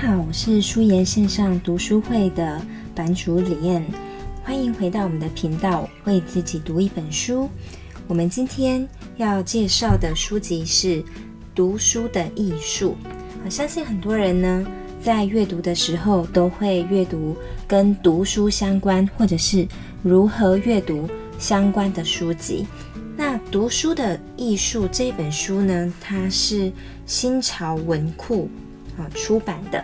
好，我是書研線上讀書會的版主李燕，歡迎回到我們的頻道，為自己讀一本書。我們今天要介紹的書籍是《讀書的藝術》。我相信很多人呢，在閱讀的時候都會閱讀跟讀書相關，或者是如何閱讀相關的書籍。那《讀書的藝術》這本書呢，它是新潮文庫，啊，出版的。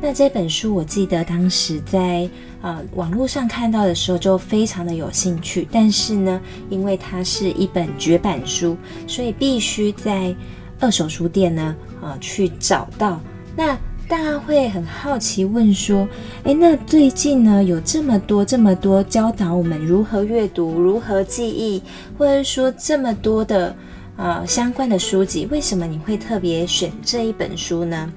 那這本書，我記得當時在啊、呃、網絡上看到的時候就非常的有興趣，但是呢，因為它是一本絕版書，所以必須在二手書店呢啊、呃、去找到。那大家會很好奇問說，誒，那最近呢有這麼多這麼多教導我們如何閱讀、如何記憶，或者說這麼多的啊、呃、相關的書籍，為什麼你會特別選這一本書呢？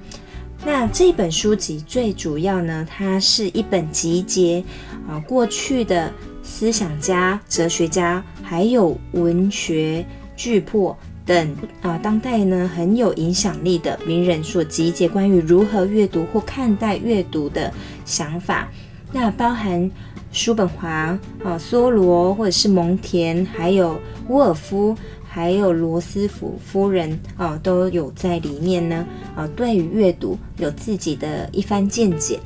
那這本書籍最主要呢，它是一本集結啊，過去的思想家、哲學家，還有文學巨擘等啊，當代呢很有影響力的名人所集結關於如何閱讀或看待閱讀的想法。那包含叔本華、啊，梭羅，或者是蒙田，還有吳爾夫。還有羅斯福夫人啊，都有在裡面呢。啊，對於閱讀有自己的一番見解。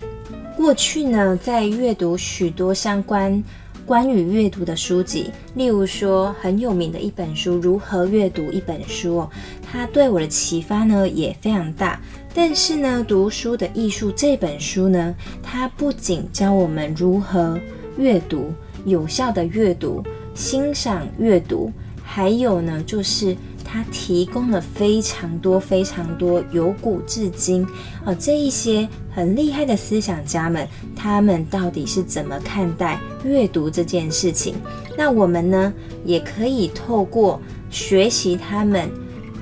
過去呢，在閱讀許多相關關於閱讀的書籍，例如說很有名的一本書《如何閱讀一本書》，它對我的啟發呢也非常大。但是呢，《讀書的藝術》這本書呢，它不僅教我們如何閱讀，有效地閱讀，欣賞閱讀。還有呢，就是它提供了非常多非常多，由古至今，啊、哦，這一些很厲害的思想家們，他們到底是怎麼看待閱讀這件事情？那我們呢，也可以透過學習他們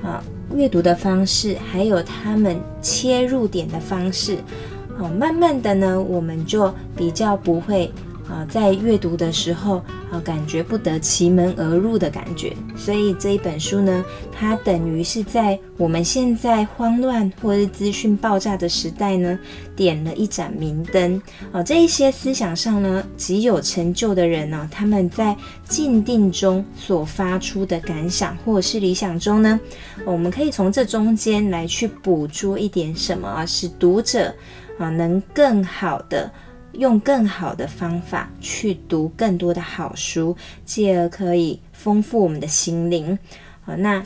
啊、哦，閱讀的方式，還有他們切入點的方式，哦，慢慢的呢，我們就比較不會。啊，在閱讀的時候啊，感覺不得其門而入的感覺，所以這一本書呢，它等於是在我們現在慌亂或是資訊爆炸的時代呢，點了一盞明燈。啊，這一些思想上呢，極有成就的人呢，啊，他們在靜定中所發出的感想或者是理想中呢，我們可以從這中間來去捕捉一點什麼啊，使讀者啊能更好的。用更好的方法去讀更多的好書，進而可以豐富我們的心靈。好、哦，那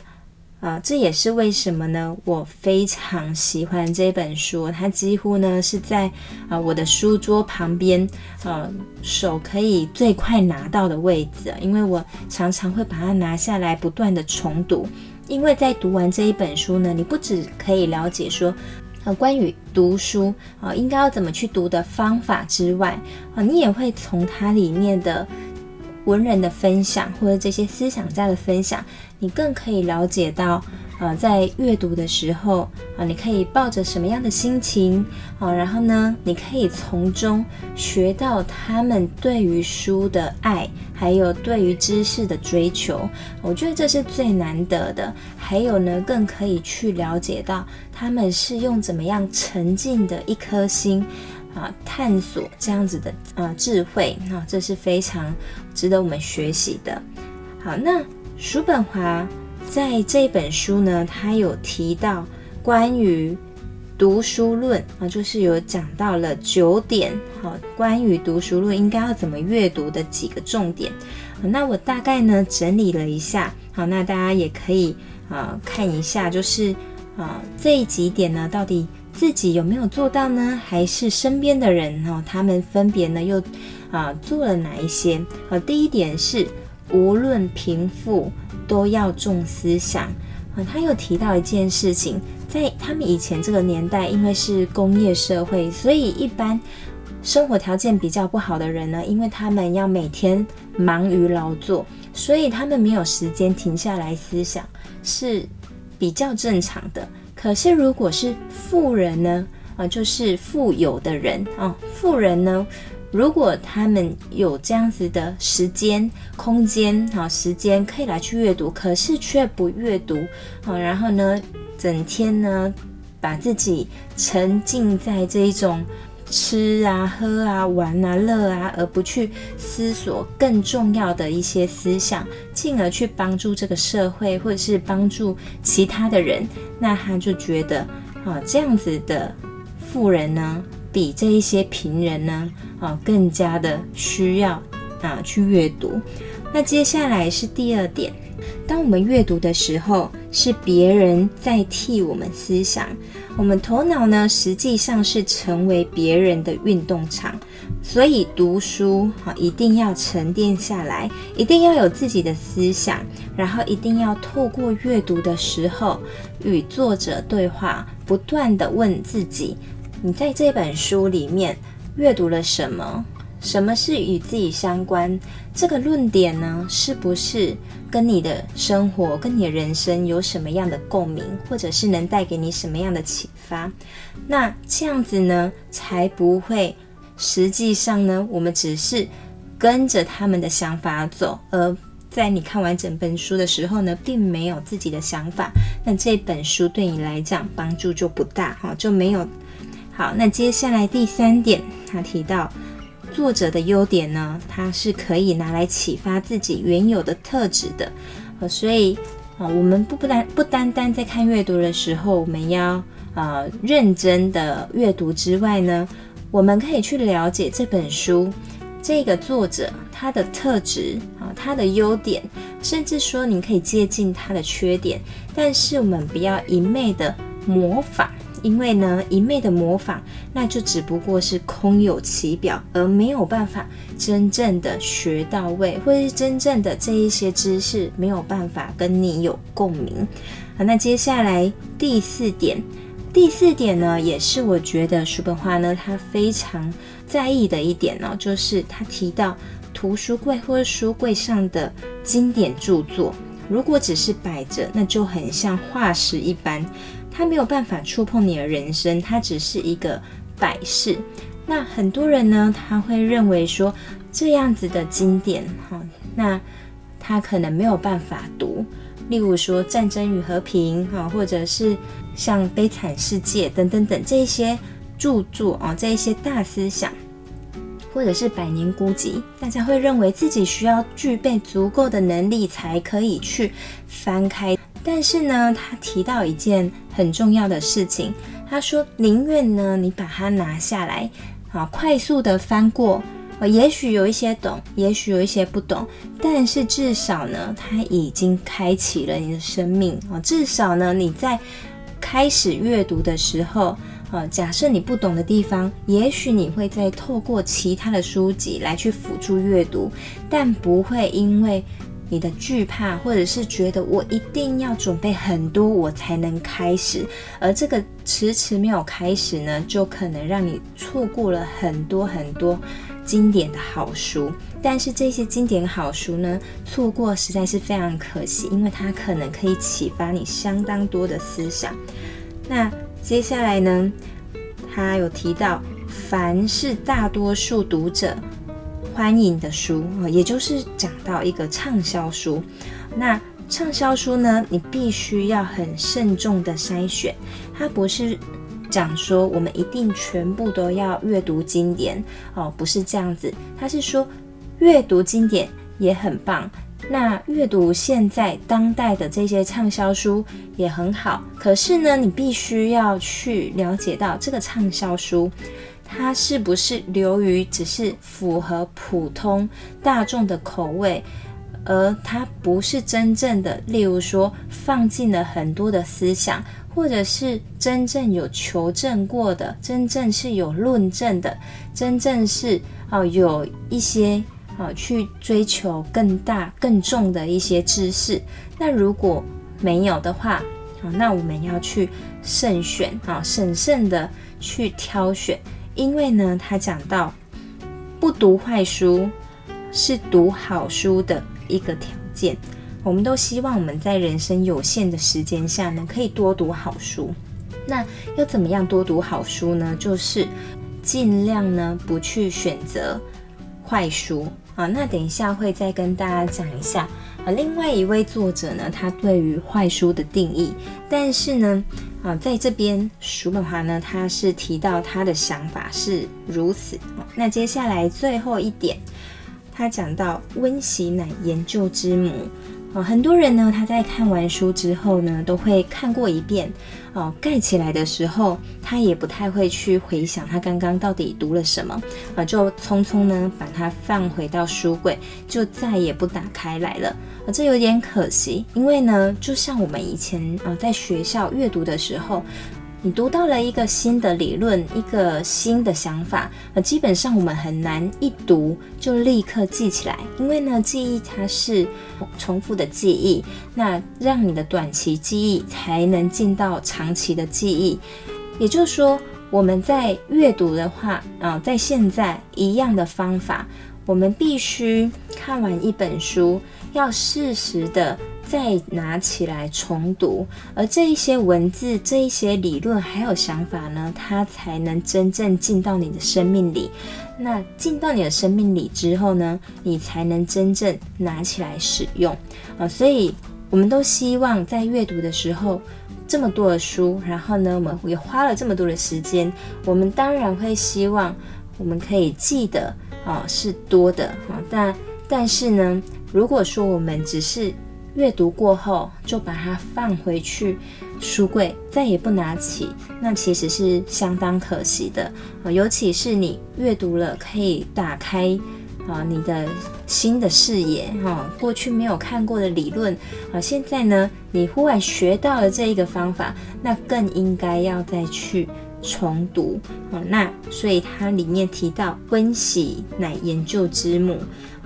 呃，這也是為什麼呢？我非常喜歡這本書，它幾乎呢是在啊、呃、我的書桌旁邊，呃，手可以最快拿到的位置。因為我常常會把它拿下來，不斷地重讀。因為在讀完這一本書呢，你不只可以了解說。呃，關於讀書啊，應該要怎麼去讀的方法之外啊，你也會從它裡面的。文人的分享，或者這些思想家的分享，你更可以了解到，呃，在閱讀的時候，啊、呃，你可以抱着什麼樣的心情，啊、呃，然後呢，你可以從中學到他們對於書的愛，還有對於知識的追求。我覺得這是最難得的。還有呢，更可以去了解到他們是用怎麼樣沉浸的一顆心。啊，探索這樣子的啊、呃、智慧，那這是非常值得我們學習的。好，那叔本華在這本書呢，他有提到關於讀書論啊，就是有講到了九點，好，關於讀書論應該要怎麼閱讀的幾個重點。那我大概呢整理了一下，好，那大家也可以啊、呃、看一下，就是啊、呃、這幾點呢到底，自己有沒有做到呢？還是身邊的人呢、哦？他們分別呢又啊、呃、做了哪一些？好、哦，第一點是無論貧富都要重思想啊、哦。他又提到一件事情，在他們以前這個年代，因為是工業社會，所以一般生活條件比較不好的人呢，因為他們要每天忙於勞作，所以他們沒有時間停下來思想，是比較正常的。可是，如果是富人呢？啊，就是富有的人啊。富人呢，如果他們有這樣子的時間、空間，好、啊，時間可以來去閱讀，可是卻不閱讀，啊，然後呢，整天呢，把自己沉浸在這一種。吃啊，喝啊，玩啊，樂啊，而不去思索更重要的一些思想，進而去幫助這個社會，或者是幫助其他的人，那他就覺得，啊，這樣子的富人呢，比這一些貧人呢，啊，更加的需要啊去閱讀。那接下來是第二點。當我們閱讀的時候，是別人在替我們思想，我們頭腦呢實際上是成為別人的運動場。所以讀書哈，一定要沉澱下來，一定要有自己的思想，然後一定要透過閱讀的時候與作者對話，不斷地問自己：你在這本書裡面閱讀了什麼？什麼是與自己相關這個論點呢？是不是跟你的生活、跟你的人生有什麼樣的共鳴，或者是能帶給你什麼樣的啟發？那這樣子呢，才不會實際上呢，我們只是跟着他們的想法走，而在你看完整本書的時候呢，並沒有自己的想法，那這本書對你來講幫助就不大，好，就沒有。好，那接下來第三點，他提到。作者的優點呢，他是可以拿來啟發自己原有的特質的，呃、所以啊、呃，我們不不單不單單在看閱讀的時候，我們要呃認真的閱讀之外呢，我們可以去了解這本書這個作者他的特質啊、呃，他的優點，甚至說你可以借鑑他的缺點，但是我們不要一昧的模仿。因為呢，一味的模仿，那就只不過是空有其表，而沒有辦法真正的學到位，或是真正的這一些知識沒有辦法跟你有共鳴。好，那接下來第四點，第四點呢，也是我覺得叔本華呢，他非常在意的一點呢、哦，就是他提到，圖書櫃或者書櫃上的經典著作，如果只是擺着，那就很像化石一般。他沒有辦法觸碰你的人生，它只是一個擺飾。那很多人呢，他會認為說這樣子的經典，哈，那他可能沒有辦法讀。例如說《戰爭與和平》哈，或者是像《悲慘世界》等等等這一些著作啊，這一些大思想，或者是《百年孤寂》，大家會認為自己需要具備足夠的能力才可以去翻開。但是呢，他提到一件很重要的事情，他說寧願呢，你把它拿下來，啊，快速地翻過，也許有一些懂，也許有一些不懂，但是至少呢，它已經開啟了你的生命，啊、哦，至少呢，你在開始閱讀的時候，啊、哦，假設你不懂的地方，也許你會再透過其他的書籍來去輔助閱讀，但不會因為。你的懼怕，或者是覺得我一定要準備很多，我才能開始，而這個遲遲沒有開始呢，就可能讓你錯過了很多很多經典的好書。但是這些經典好書呢，錯過實在是非常可惜，因為它可能可以啟發你相當多的思想。那接下來呢，他有提到，凡是大多數讀者。歡迎的書啊，也就是講到一個暢銷書。那暢銷書呢，你必須要很慎重的篩選。它不是講說我們一定全部都要閱讀經典哦，不是這樣子。他是說閱讀經典也很棒，那閱讀現在當代的這些暢銷書也很好。可是呢，你必須要去了解到這個暢銷書。它是不是流於只是符合普通大眾的口味，而它不是真正的？例如說，放進了很多的思想，或者是真正有求證過的，真正是有論證的，真正是哦、呃、有一些哦、呃、去追求更大更重的一些知識。那如果沒有的話，哦、呃，那我們要去慎選啊，審、呃、慎、慎的去挑選。因為呢，他講到不讀壞書是讀好書的一個條件。我們都希望我們在人生有限的時間下呢，可以多讀好書。那要怎麼樣多讀好書呢？就是盡量呢不去選擇壞書啊。那等一下會再跟大家講一下啊。另外一位作者呢，他對於壞書的定義，但是呢。啊，在這邊，叔本華呢，他是提到他的想法是如此。那接下來最後一點，他講到溫習乃研究之母。啊，很多人呢，他在看完書之後呢，都會看過一遍。哦，啊，蓋起來的時候，他也不太會去回想他剛剛到底讀了什麼。啊，就匆匆呢把它放回到書櫃，就再也不打開來了。啊，這有點可惜，因為呢，就像我們以前啊、呃、在學校閱讀的時候，你讀到了一個新的理論、一個新的想法啊、呃，基本上我們很難一讀就立刻記起來，因為呢，記憶它是重複的記憶，那讓你的短期記憶才能進到長期的記憶。也就是說，我們在閱讀的話，啊、呃，在現在一樣的方法，我們必須看完一本書。要適時的再拿起來重讀，而這一些文字、這一些理論還有想法呢，它才能真正進到你的生命裡。那進到你的生命裡之後呢，你才能真正拿起來使用啊、哦。所以我們都希望在閱讀的時候，這麼多的書，然後呢，我們也花了這麼多的時間，我們當然會希望我們可以記得啊、哦，是多的啊、哦，但但是呢，如果說我們只是閱讀過後就把它放回去書櫃，再也不拿起，那其實是相當可惜的。哦、尤其是你閱讀了，可以打開啊、哦、你的新的視野哈、哦，過去沒有看過的理論啊、哦，現在呢你忽然學到了這一個方法，那更應該要再去重讀啊、哦。那所以它裡面提到，溫習乃研究之母。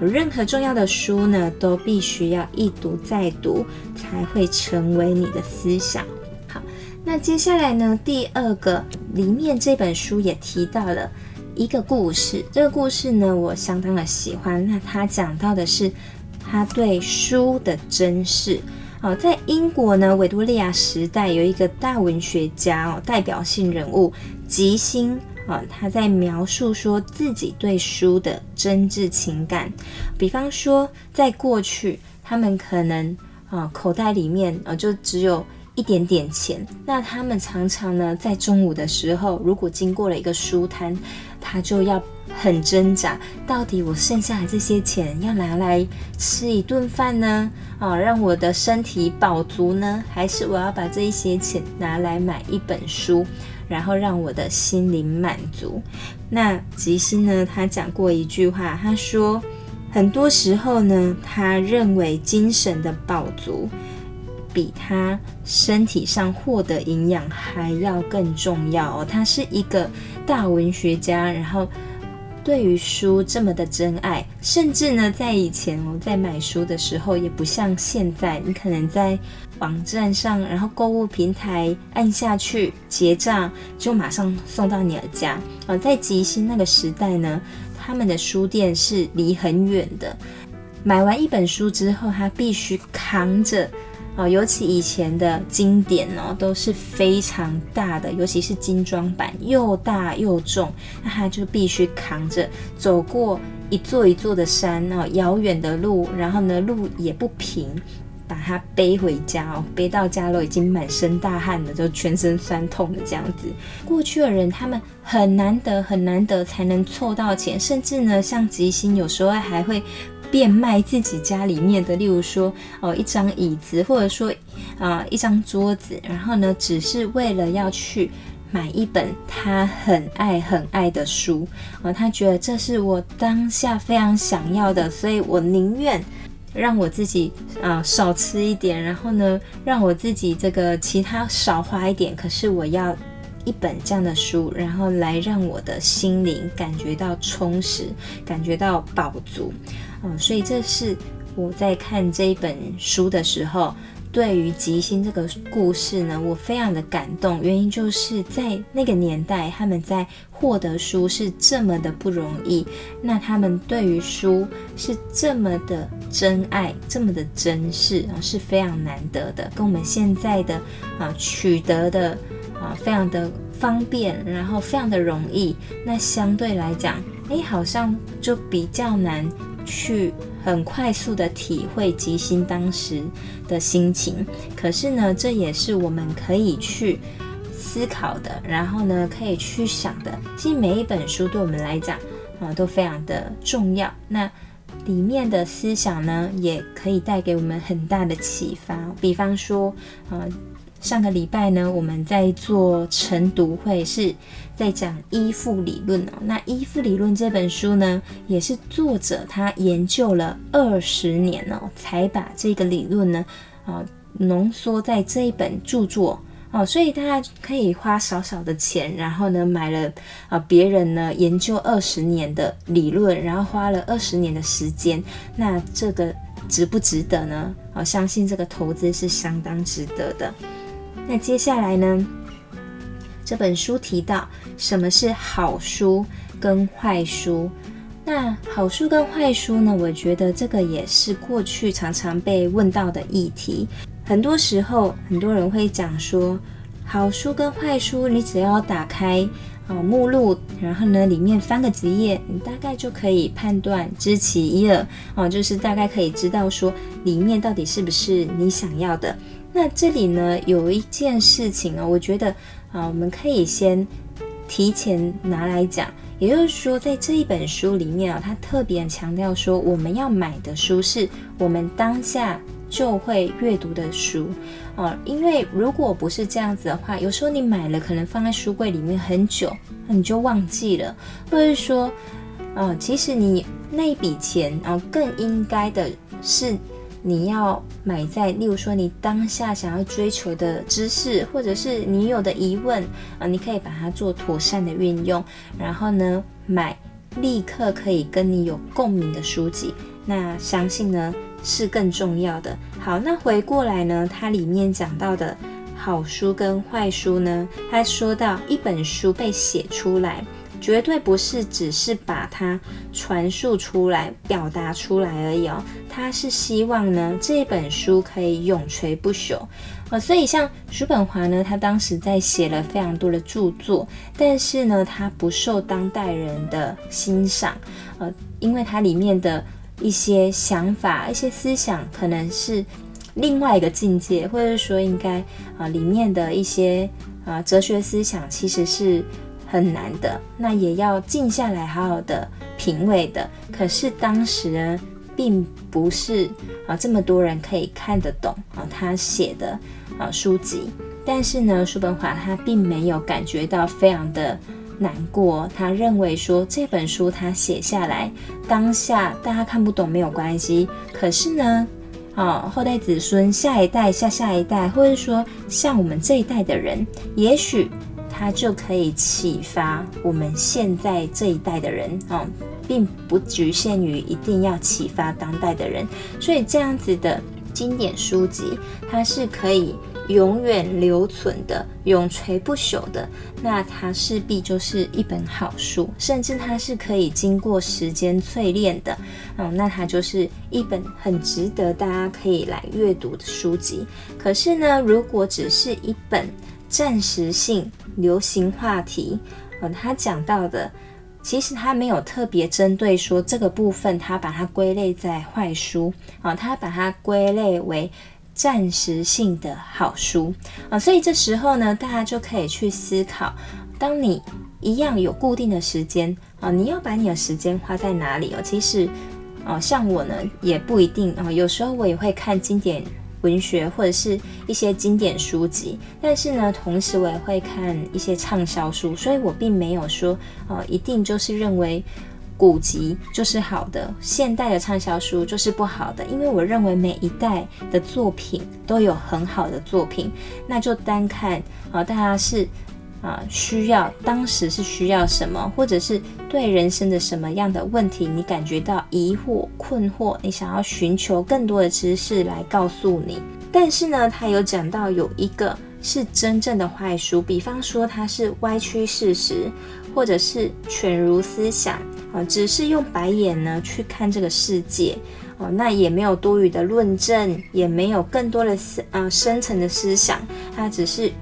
任何重要的書呢，都必須要一讀再讀，才會成為你的思想。好，那接下來呢，第二個裡面這本書也提到了一個故事，這個故事呢，我相當的喜歡。那他講到的是他對書的珍視。哦，在英國呢，維多利亞時代有一個大文學家哦，代表性人物吉辛。啊、哦，他在描述說自己對書的真摯情感。比方說，在過去，他們可能啊、哦，口袋裡面啊、哦，就只有一點點錢。那他們常常呢，在中午的時候，如果經過了一個書攤，他就要很掙扎：到底我剩下的這些錢要拿來吃一頓飯呢？啊、哦，讓我的身體飽足呢？還是我要把這一些錢拿來買一本書？然後讓我的心靈滿足。那吉辛呢？他講過一句話，他說，很多時候呢，他認為精神的飽足比他身體上獲得營養還要更重要哦。他是一個大文學家，然後。對於書這麼的珍愛，甚至呢，在以前我在買書的時候，也不像現在，你可能在網站上，然後購物平台按下去結賬，就馬上送到你的家啊、哦。在吉星那個時代呢，他們的書店是離很遠的，買完一本書之後，他必須扛着。哦，尤其以前的經典哦，都是非常大的，尤其是精裝版，又大又重，那他就必須扛着走過一座一座的山哦，遙遠的路，然後呢，路也不平，把它背回家哦，背到家都已經滿身大汗了，就全身酸痛的這樣子。過去的人他們很難得很難得才能湊到錢，甚至呢，像吉星有時候還會。變賣自己家裡面的，例如說哦，一張椅子，或者說啊、呃，一張桌子，然後呢，只是為了要去買一本他很愛很愛的書啊、哦，他覺得這是我當下非常想要的，所以我寧願讓我自己啊、呃，少吃一點，然後呢，讓我自己這個其他少花一點，可是我要。一本這樣的書，然後來讓我的心靈感覺到充實，感覺到飽足，嗯，所以這是我在看這一本書的時候，對於吉星這個故事呢，我非常的感動。原因就是在那個年代，他們在獲得書是這麼的不容易，那他們對於書是這麼的珍愛，這麼的珍視，啊，是非常難得的，跟我們現在的啊取得的。啊，非常的方便，然後非常的容易。那相對來講，誒，好像就比較難去很快速的體會吉心當時的心情。可是呢，這也是我們可以去思考的，然後呢，可以去想的。其實每一本書對我們來講啊，都非常的重要。那裡面的思想呢，也可以帶給我們很大的啟發。比方說，啊、呃。上個禮拜呢，我們在做晨讀會，是在講依附理論哦。那依附理論這本書呢，也是作者他研究了二十年呢，哦，才把這個理論呢，啊，哦，濃縮在這一本著作哦。所以大家可以花少少的錢，然後呢買了，啊，哦，別人呢研究二十年的理論，然後花了二十年的時間，那這個值不值得呢？哦，相信這個投資是相當值得的。那接下來呢，這本書提到什麼是好書跟壞書。那好書跟壞書呢，我覺得這個也是過去常常被問到的議題。很多時候，很多人會講說，好書跟壞書，你只要打開啊、哦、目錄，然後呢裡面翻個幾頁，你大概就可以判斷知其一二啊、哦，就是大概可以知道說裡面到底是不是你想要的。那這裡呢，有一件事情啊、哦，我覺得啊、呃，我們可以先提前拿來講。也就是說，在這一本書裡面啊、哦，他特別強調說，我們要買的書是我們當下就會閱讀的書啊、呃。因為如果不是這樣子的話，有時候你買了，可能放在書櫃裡面很久，那你就忘記了，或者說，啊、呃，其實你那一筆錢啊、呃，更應該的是。你要買在，例如說你當下想要追求的知識，或者是你有的疑問啊，你可以把它做妥善的運用。然後呢，買立刻可以跟你有共鳴的書籍，那相信呢是更重要的。好，那回過來呢，它裡面講到的好書跟壞書呢，它說到一本書被寫出來。絕對不是只是把它傳述出來、表達出來而已哦，他是希望呢，這本書可以永垂不朽呃，所以像叔本華呢，他當時在寫了非常多的著作，但是呢，他不受當代人的欣賞，呃，因為他裡面的一些想法、一些思想，可能是另外一個境界，或者說應該啊、呃，裡面的一些啊、呃、哲學思想其實是。很難的，那也要靜下來，好好的品味的。可是當時呢，並不是啊、哦、這麼多人可以看得懂啊、哦、他寫的啊、哦、書籍。但是呢，叔本華他並沒有感覺到非常的難過。他認為說這本書他寫下來，當下大家看不懂沒有關係。可是呢，啊、哦，後代子孫、下一代、下下一代，或者說像我們這一代的人，也許。它就可以啟發我們現在這一代的人，嗯，並不局限於一定要啟發當代的人，所以這樣子的經典書籍，它是可以永遠留存的、永垂不朽的。那它勢必就是一本好書，甚至它是可以經過時間淬煉的，嗯，那它就是一本很值得大家可以來閱讀的書籍。可是呢，如果只是一本，暫時性流行話題，嗯、哦，他講到的，其實他沒有特別針對說這個部分，他把它歸類在壞書，啊、哦，他把它歸類為暫時性的好書，啊、哦，所以這時候呢，大家就可以去思考，當你一樣有固定的時間，啊、哦，你要把你的時間花在哪裡？哦，其實，哦，像我呢也不一定，啊、哦，有時候我也會看經典。文學或者是一些經典書籍，但是呢，同時我也會看一些暢銷書，所以我並沒有說，呃，一定就是認為古籍就是好的，現代的暢銷書就是不好的，因為我認為每一代的作品都有很好的作品，那就單看，啊、呃，大家是。啊、呃，需要當時是需要什麼，或者是對人生的什麼樣的問題，你感覺到疑惑、困惑，你想要尋求更多的知識來告訴你。但是呢，他有講到有一個是真正的壞書，比方說它是歪曲事實，或者是犬儒思想啊、呃，只是用白眼呢去看這個世界哦、呃，那也沒有多餘的論證，也沒有更多的思啊、呃、深層的思想，它只是。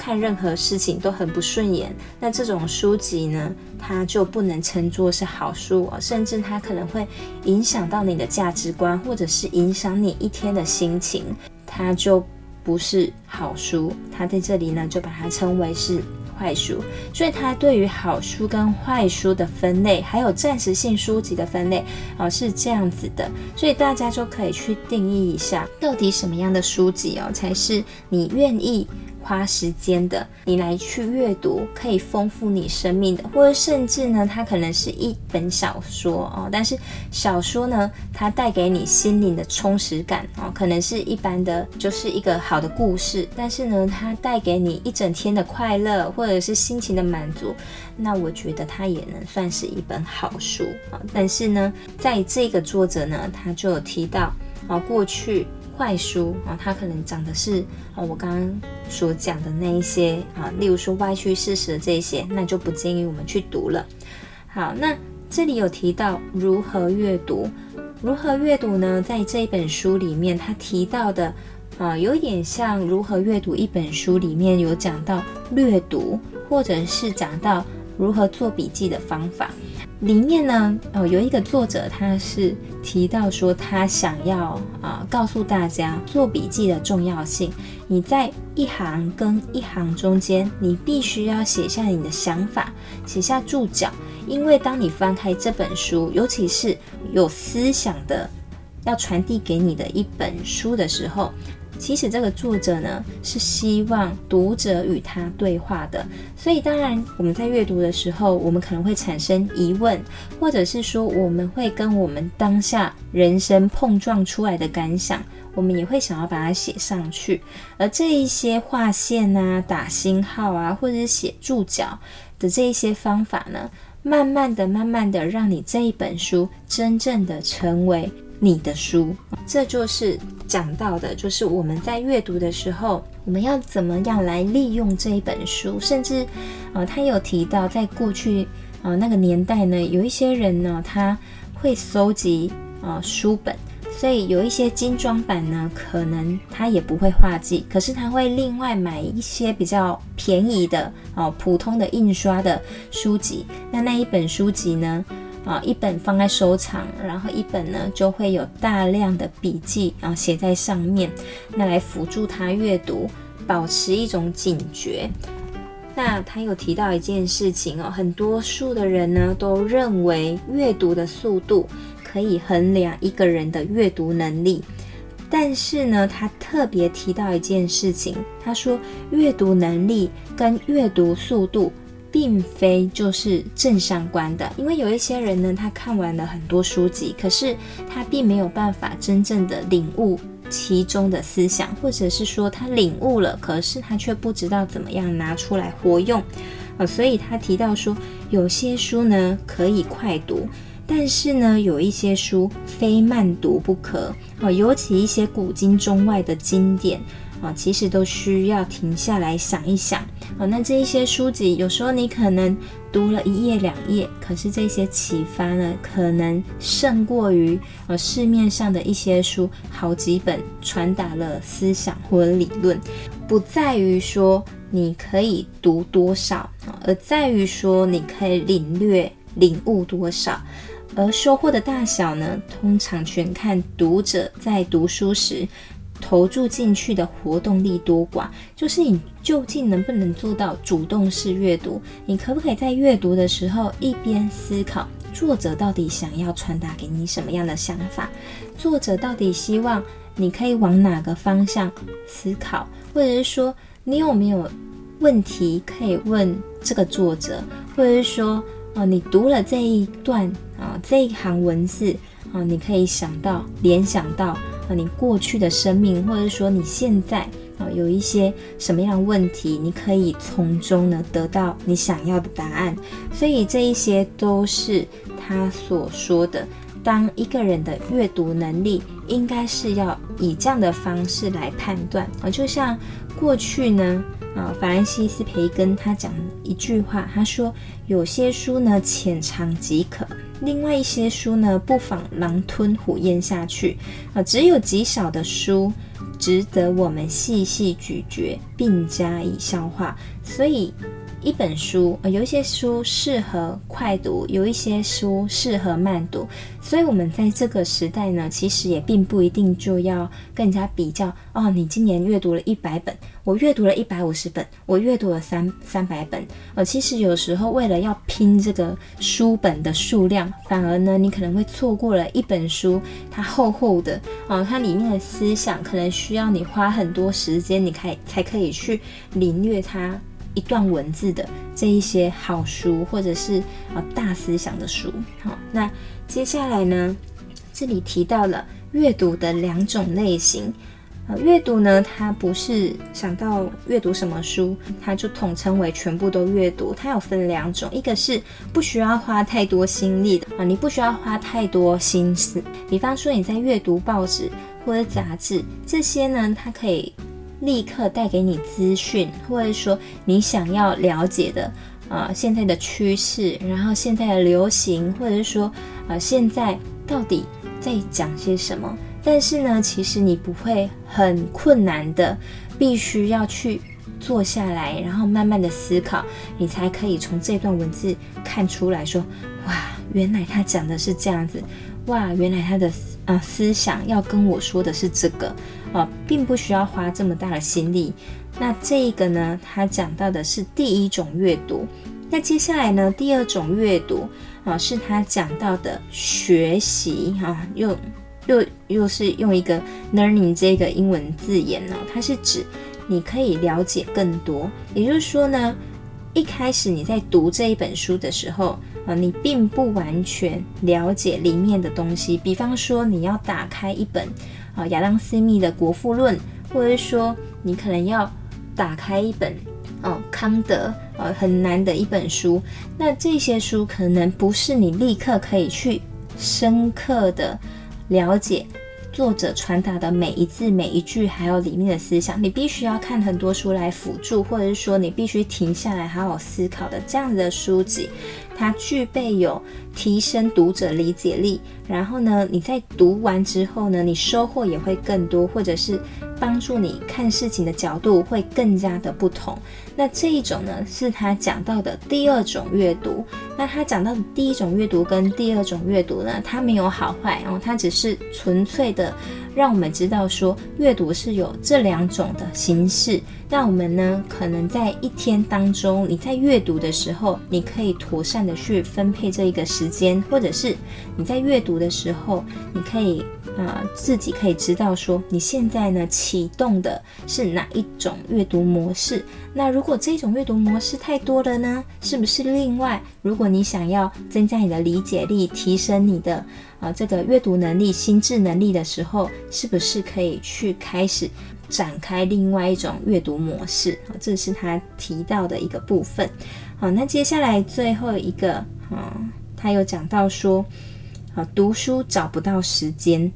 看任何事情都很不順眼，那這種書籍呢，它就不能稱作是好書啊，甚至它可能會影響到你的價值觀，或者是影響你一天的心情，它就不是好書。它在這裡呢，就把它稱為是壞書。所以它對於好書跟壞書的分類，還有暫時性書籍的分類哦，呃，是這樣子的。所以大家就可以去定義一下，到底什麼樣的書籍哦，才是你願意。花時間的，你來去閱讀可以豐富你生命的，或者甚至呢，它可能是一本小說哦。但是小說呢，它帶給你心靈的充實感哦，可能是一般的，就是一個好的故事。但是呢，它帶給你一整天的快樂，或者是心情的滿足，那我覺得它也能算是一本好書啊、哦。但是呢，在這個作者呢，他就有提到啊、哦，過去。壞書啊、哦，它可能講的是啊、哦，我剛剛所講的那一些啊，例如說歪曲事實的這些，那就不建議我們去讀了。好，那這裡有提到如何閱讀，如何閱讀呢？在這一本書裡面，它提到的啊，有點像如何閱讀一本書，裡面有講到略讀，或者是講到如何做筆記的方法。裡面呢，哦、呃，有一個作者，他是提到說，他想要啊、呃、告訴大家做筆記的重要性。你在一行跟一行中間，你必須要寫下你的想法，寫下注腳，因為當你翻開這本書，尤其是有思想的，要傳遞給你的一本書的時候。其實這個作者呢，是希望讀者與他對話的，所以當然我們在閱讀的時候，我們可能會產生疑問，或者是說我們會跟我們當下人生碰撞出來的感想，我們也會想要把它寫上去。而這一些劃線啊、打星號啊，或者是寫注腳的這一些方法呢，慢慢的、慢慢的，讓你這一本書真正的成為。你的書，這就是講到的，就是我們在閱讀的時候，我們要怎麼樣來利用這一本書？甚至，呃，他有提到在過去啊、呃、那個年代呢，有一些人呢，他會蒐集啊、呃、書本，所以有一些精裝版呢，可能他也不會劃記，可是他會另外買一些比較便宜的、呃、普通的印刷的書籍。那那一本書籍呢？啊、哦，一本放在收藏，然後一本呢就會有大量的筆記啊、哦、寫在上面，那來輔助他閱讀，保持一種警覺。那他有提到一件事情哦，很多數的人呢都認為閱讀的速度可以衡量一個人的閱讀能力，但是呢，他特別提到一件事情，他說閱讀能力跟閱讀速度，並非就是正相關的，因為有一些人呢，他看完了很多書籍，可是他並沒有辦法真正的領悟其中的思想，或者是說他領悟了，可是他卻不知道怎麼樣拿出來活用，哦，所以他提到說，有些書呢可以快讀，但是呢有一些書非慢讀不可，啊，哦，尤其一些古今中外的經典，啊，哦，其實都需要停下來想一想。好、哦、那這一些書籍，有時候你可能讀了一頁兩頁，可是這些啟發呢，可能勝過於哦、呃、市面上的一些書好幾本傳達了思想或理論。不在於說你可以讀多少、哦，而在於說你可以領略、領悟多少。而收穫的大小呢，通常全看讀者在讀書時投注進去的活動力多寡，就是你。究竟能不能做到主動式閱讀？你可不可以在閱讀的時候一邊思考作者到底想要傳達給你什麼樣的想法？作者到底希望你可以往哪個方向思考？或者是說你有沒有問題可以問這個作者？或者是說哦，你讀了這一段啊、哦，這一行文字啊、哦，你可以想到、聯想到啊、哦，你過去的生命，或者說你現在？哦，有一些什麼樣的問題，你可以從中呢得到你想要的答案，所以這一些都是他所說的。當一個人的閱讀能力，應該是要以這樣的方式來判斷。而，哦，就像過去呢。啊、哦，法蘭西斯培根他講一句話，他說：“有些書呢淺嘗即可，另外一些書呢不妨狼吞虎咽下去。啊、呃，只有極少的書值得我們細細咀嚼並加以消化。”所以。一本書，呃，有一些書適合快讀，有一些書適合慢讀，所以，我們在這個時代呢，其實也並不一定就要跟人家比較哦。你今年閱讀了一百本，我閱讀了一百五十本，我閱讀了三三百本，呃，其實有時候為了要拼這個書本的數量，反而呢，你可能會錯過了一本書，它厚厚的哦，它裡面的思想可能需要你花很多時間，你才才可以去領略它。一段文字的這一些好書，或者是啊大思想的書。好，那接下來呢，這裡提到了閱讀的兩種類型。呃，閱讀呢，它不是想到閱讀什麼書，它就統稱為全部都閱讀。它有分兩種，一個是不需要花太多心力的啊，你不需要花太多心思。比方說你在閱讀報紙或者雜誌，這些呢，它可以。立刻帶給你資訊，或者說你想要了解的啊、呃、現在的趨勢，然後現在的流行，或者是說啊、呃、現在到底在講些什麼？但是呢，其實你不會很困難的，必須要去坐下來，然後慢慢的思考，你才可以從這段文字看出來說，哇，原來他講的是這樣子，哇，原來他的啊、呃、思想要跟我說的是這個。啊、哦，並不需要花這麼大的心力。那這一個呢，他講到的是第一種閱讀。那接下來呢，第二種閱讀啊、哦，是他講到的學習哈、哦，又又又是用一個 learning 這個英文字眼、哦、它是指你可以了解更多。也就是說呢，一開始你在讀這一本書的時候啊、哦，你並不完全了解裡面的東西。比方說，你要打開一本。啊，亞當斯密的《國富論》，或者是說你可能要打開一本，哦，康德，呃，很難的一本書。那這些書可能不是你立刻可以去深刻的了解作者傳達的每一字每一句，還有裡面的思想。你必須要看很多書來輔助，或者是說你必須停下來好好思考的這樣子的書籍。它具備有提升讀者理解力，然後呢，你在讀完之後呢，你收穫也會更多，或者是幫助你看事情的角度會更加的不同。那這一種呢，是他講到的第二種閱讀。那他講到的第一種閱讀跟第二種閱讀呢，它沒有好壞，哦，它只是純粹的。讓我們知道說，閱讀是有這兩種的形式。那我們呢，可能在一天當中，你在閱讀的時候，你可以妥善的去分配這一個時間，或者是你在閱讀的時候，你可以。啊、呃，自己可以知道說，你現在呢，啟動的是哪一種閱讀模式？那如果這種閱讀模式太多了呢，是不是另外，如果你想要增加你的理解力，提升你的啊、呃、這個閱讀能力，心智能力的時候，是不是可以去開始展開另外一種閱讀模式？啊、呃，這是他提到的一個部分。好、呃，那接下來最後一個啊、呃，他有講到說。好、哦，讀書找不到時間，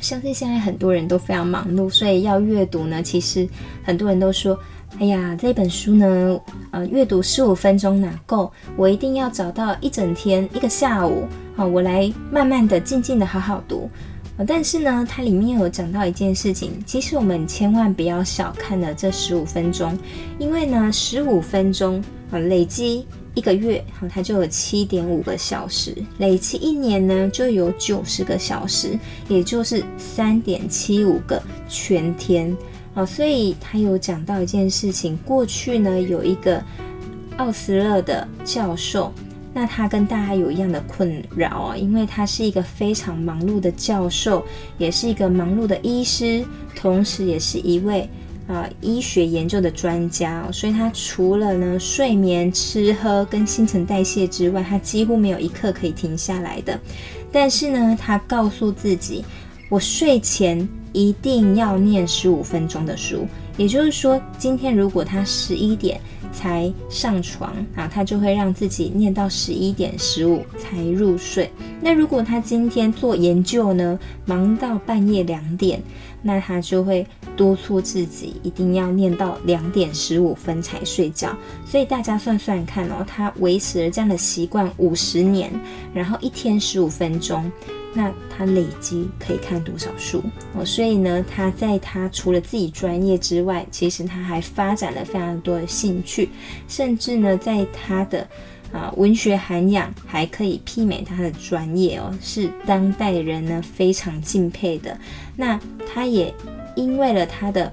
相信現在很多人都非常忙碌，所以要閱讀呢，其實很多人都說：“哎呀，這本書呢，呃，閱讀十五分鐘哪夠？我一定要找到一整天、一個下午，好、哦，我來慢慢的、靜靜的、好好讀。”哦，但是呢，它裡面有講到一件事情，其實我們千萬不要小看了這十五分鐘，因為呢，十五分鐘啊、哦，累積。一個月，好，他就有七點五個小時；累積一年呢，就有九十個小時，也就是三點七五個全天。好，所以他有講到一件事情：過去呢，有一個奧斯勒的教授，那他跟大家有一樣的困擾啊，因為他是一個非常忙碌的教授，也是一個忙碌的醫師，同時也是一位。啊、呃，醫學研究的專家哦，所以他除了呢睡眠、吃喝跟新陳代謝之外，他幾乎沒有一刻可以停下來的，但是呢，他告訴自己，我睡前一定要念十五分鐘的書。也就是說，今天如果他十一點才上床，啊，他就會讓自己念到十一點十五才入睡。那如果他今天做研究呢，忙到半夜兩點，那他就會督促自己一定要念到兩點十五分才睡覺。所以大家算算看哦，他維持了這樣的習慣五十年，然後一天十五分鐘。那他累積可以看多少書哦？所以呢，他在他除了自己專業之外，其實他還發展了非常多的興趣，甚至呢，在他的啊、呃、文學涵養還可以媲美他的專業哦，是當代人呢非常敬佩的。那他也因為了他的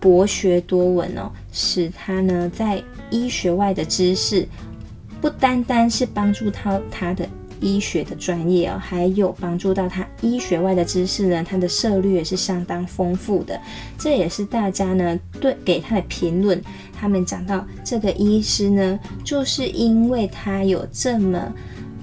博學多聞哦，使他呢在醫學外的知識，不單單是幫助他他的。醫學的專業啊、哦，還有幫助到他醫學外的知識呢。他的涉獵也是相當豐富的，這也是大家呢對給他的評論。他們講到這個醫師呢，就是因為他有這麼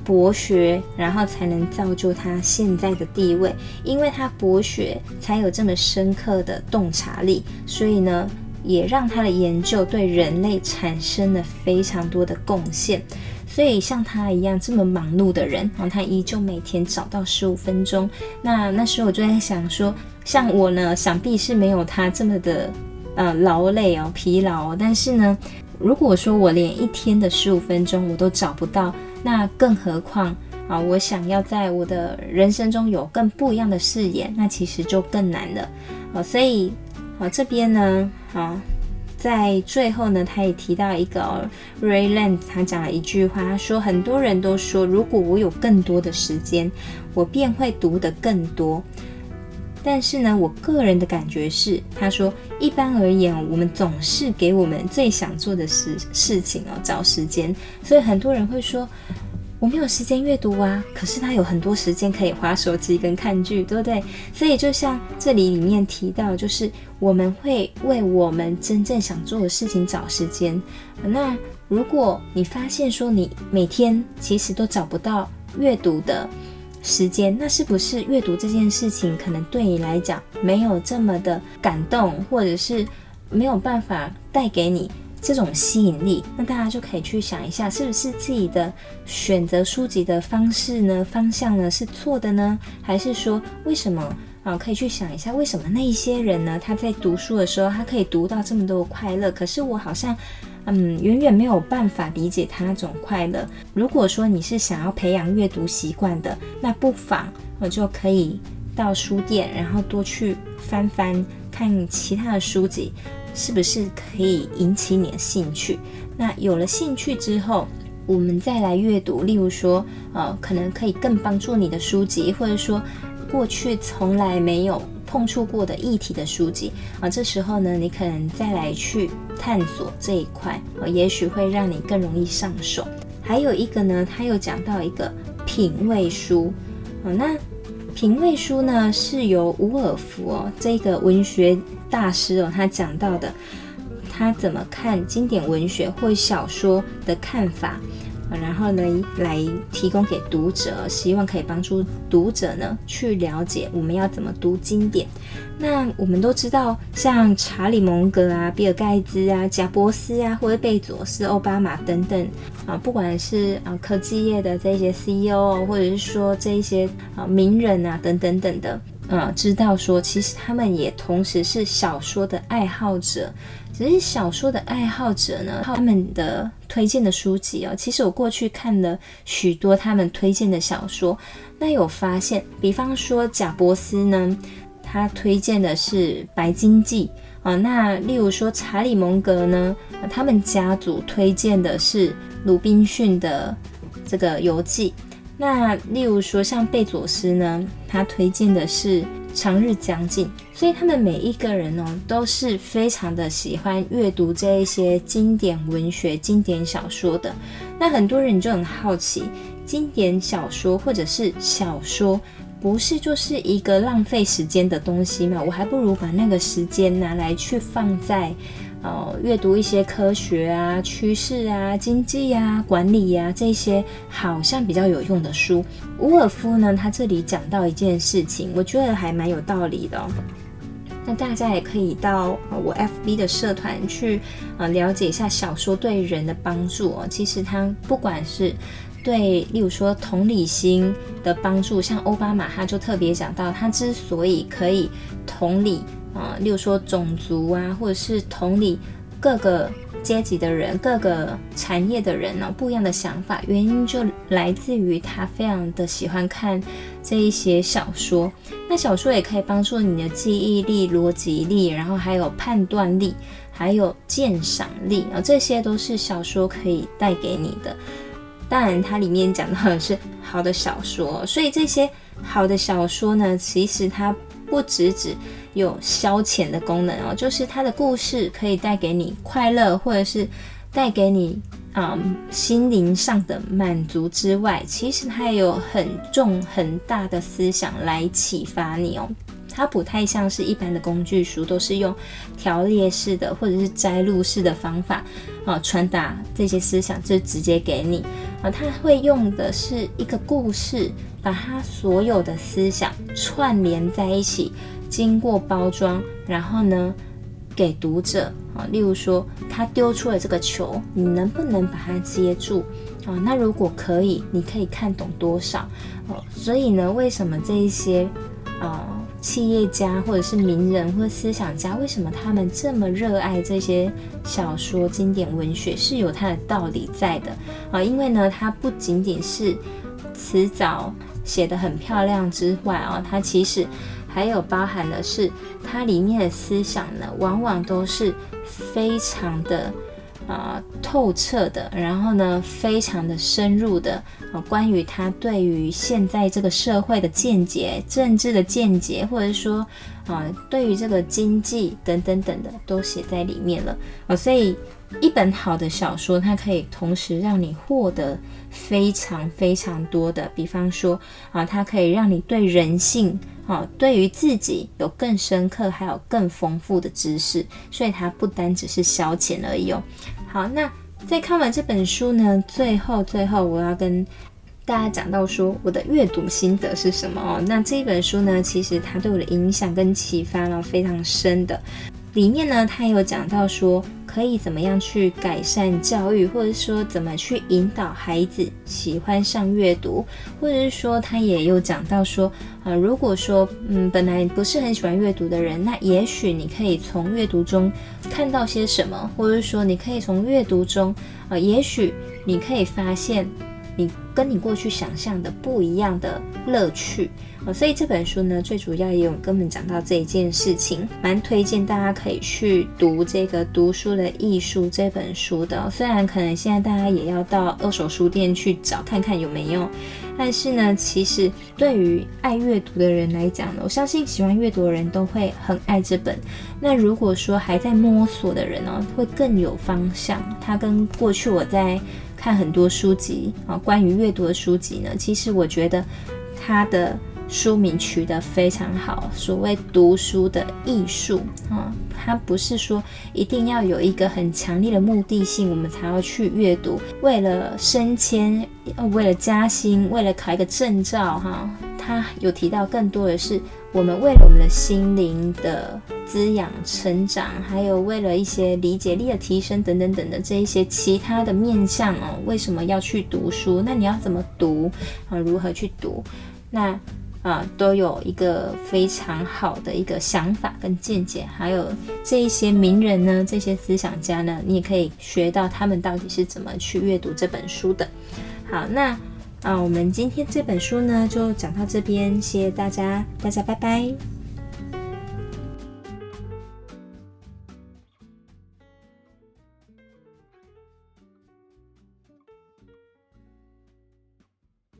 博學，然後才能造就他現在的地位。因為他博學，才有這麼深刻的洞察力。所以呢。也讓他的研究對人類產生了非常多的貢獻，所以像他一樣這麼忙碌的人，然後、啊、他依舊每天找到十五分鐘。那那時候我就在想說，像我呢，想必是沒有他這麼的呃勞累哦、疲勞哦。但是呢，如果說我連一天的十五分鐘我都找不到，那更何況啊，我想要在我的人生中有更不一樣的視野，那其實就更難了哦、啊。所以啊，這邊呢。啊，在最後呢，他也提到一個、哦、Ray Land，他講了一句話，他說很多人都說，如果我有更多的時間，我便會讀得更多。但是呢，我個人的感覺是，他說一般而言，我們總是給我們最想做的事事情哦找時間，所以很多人會說。我沒有時間閱讀啊，可是他有很多時間可以滑手機跟看劇，對不對？所以就像這裡裡面提到，就是我們會為我們真正想做的事情找時間。那如果你發現說你每天其實都找不到閱讀的時間，那是不是閱讀這件事情可能對你來講沒有這麼的感動，或者是沒有辦法帶給你？這種吸引力，那大家就可以去想一下，是不是自己的選擇書籍的方式呢、方向呢是錯的呢？還是說為什麼啊、哦？可以去想一下，為什麼那一些人呢，他在讀書的時候，他可以讀到這麼多快樂，可是我好像嗯，遠遠沒有辦法理解他那種快樂。如果說你是想要培養閱讀習慣的，那不妨我就可以到書店，然後多去翻翻看其他的書籍。是不是可以引起你的興趣？那有了興趣之後，我們再來閱讀。例如說，呃、哦，可能可以更幫助你的書籍，或者說過去從來沒有碰觸過的議題的書籍啊、哦。這時候呢，你可能再來去探索這一塊，呃、哦，也許會讓你更容易上手。還有一個呢，他又講到一個品味書，哦，那。品味書呢，是由吳爾夫哦，這個文學大師哦，他講到的，他怎麼看經典文學或小說的看法。然後呢，來提供給讀者，希望可以幫助讀者呢去了解我們要怎麼讀經典。那我們都知道，像查理·蒙格啊、比爾·蓋茨啊、賈伯斯啊，或者貝佐斯、奧巴馬等等啊，不管是啊科技業的這些 CEO，或者是說這一些啊名人啊等等等等的。嗯，知道說其實他們也同時是小說的愛好者，只是小說的愛好者呢，他們的推薦的書籍哦，其實我過去看了許多他們推薦的小說，那有發現，比方說賈伯斯呢，他推薦的是《白鯨記》啊、嗯，那例如說查理蒙格呢，他們家族推薦的是《魯濱遜的這個遊記》。那例如說像貝佐斯呢，他推薦的是《長日將盡》，所以他們每一個人哦，都是非常的喜歡閱讀這一些經典文學、經典小說的。那很多人就很好奇，經典小說或者是小說，不是就是一個浪費時間的東西嗎？我還不如把那個時間拿來去放在。呃、哦，閱讀一些科學啊、趨勢啊、經濟啊、管理啊這些，好像比較有用的書。吳爾夫呢，他這裡講到一件事情，我覺得還蠻有道理的、哦。那大家也可以到我 FB 的社團去，呃，了解一下小說對人的幫助。哦，其實它不管是對，例如說同理心的幫助，像歐巴馬他就特別講到，他之所以可以同理。啊、呃，例如說種族啊，或者是同理各個階級的人、各個產業的人呢、哦，不一樣的想法，原因就來自於他非常的喜歡看這一些小說。那小說也可以幫助你的記憶力、邏輯力，然後還有判斷力，還有鑑賞力啊、哦，這些都是小說可以帶給你的。當然，它裡面講到的是好的小說、哦，所以這些好的小說呢，其實它不只指。有消遣的功能哦，就是它的故事可以帶給你快樂，或者是帶給你嗯心靈上的滿足之外，其實它也有很重很大的思想來啟發你哦。它不太像是一般的工具書，都是用條列式的或者是摘錄式的方法啊，傳達這些思想，就直接給你啊。它會用的是一個故事，把它所有的思想串聯在一起。經過包裝，然後呢，給讀者啊、哦，例如說他丟出了這個球，你能不能把它接住啊、哦？那如果可以，你可以看懂多少哦？所以呢，為什麼這一些啊、哦、企業家或者是名人或者思想家，為什麼他們這麼熱愛這些小說經典文學，是有它的道理在的啊、哦？因為呢，它不僅僅是詞藻寫得很漂亮之外啊，它、哦、其實。還有包含的是，它裡面的思想呢，往往都是非常的啊、呃、透徹的，然後呢，非常的深入的啊、呃，關於他對於現在這個社會的見解、政治的見解，或者說啊、呃，對於這個經濟等等等等的，都寫在裡面了啊、哦，所以。一本好的小說，它可以同時讓你獲得非常非常多的，比方說啊，它可以讓你對人性啊，對於自己有更深刻還有更豐富的知識，所以它不單只是消遣而已哦。好，那在看完這本書呢，最後最後我要跟大家講到說，我的閱讀心得是什麼哦？那這一本書呢，其實它對我的影響跟啟發呢、哦，非常深的。裡面呢，他有講到說可以怎麼樣去改善教育，或者說怎麼去引導孩子喜歡上閱讀，或者是說他也有講到說啊、呃，如果說嗯本來不是很喜歡閱讀的人，那也許你可以從閱讀中看到些什麼，或者是說你可以從閱讀中啊、呃，也許你可以發現。你跟你過去想象的不一樣的樂趣哦，所以這本書呢，最主要也有跟我們講到這一件事情，蠻推薦大家可以去讀這個《讀書的藝術》這本書的哦。雖然可能現在大家也要到二手書店去找看看有沒有，但是呢，其實對於愛閱讀的人來講呢，我相信喜歡閱讀的人都會很愛這本。那如果說還在摸索的人呢哦，會更有方向。它跟過去我在。看很多書籍啊、哦，關於閱讀的書籍呢，其實我覺得它的書名取得非常好。所謂讀書的藝術啊，它、哦、不是說一定要有一個很強烈的目的性，我們才要去閱讀。為了升遷、為了加薪、為了考一個證照哈，他有提到更多的是。我們為了我們的心靈的滋養、成長，還有為了一些理解力的提升等等等等的這一些其他的面向哦，為什麼要去讀書？那你要怎麼讀啊？如何去讀？那啊都有一個非常好的一個想法跟見解，還有這一些名人呢，這些思想家呢，你也可以學到他們到底是怎麼去閱讀這本書的。好，那。啊，我們今天這本書呢，就講到這邊。謝謝大家，大家拜拜。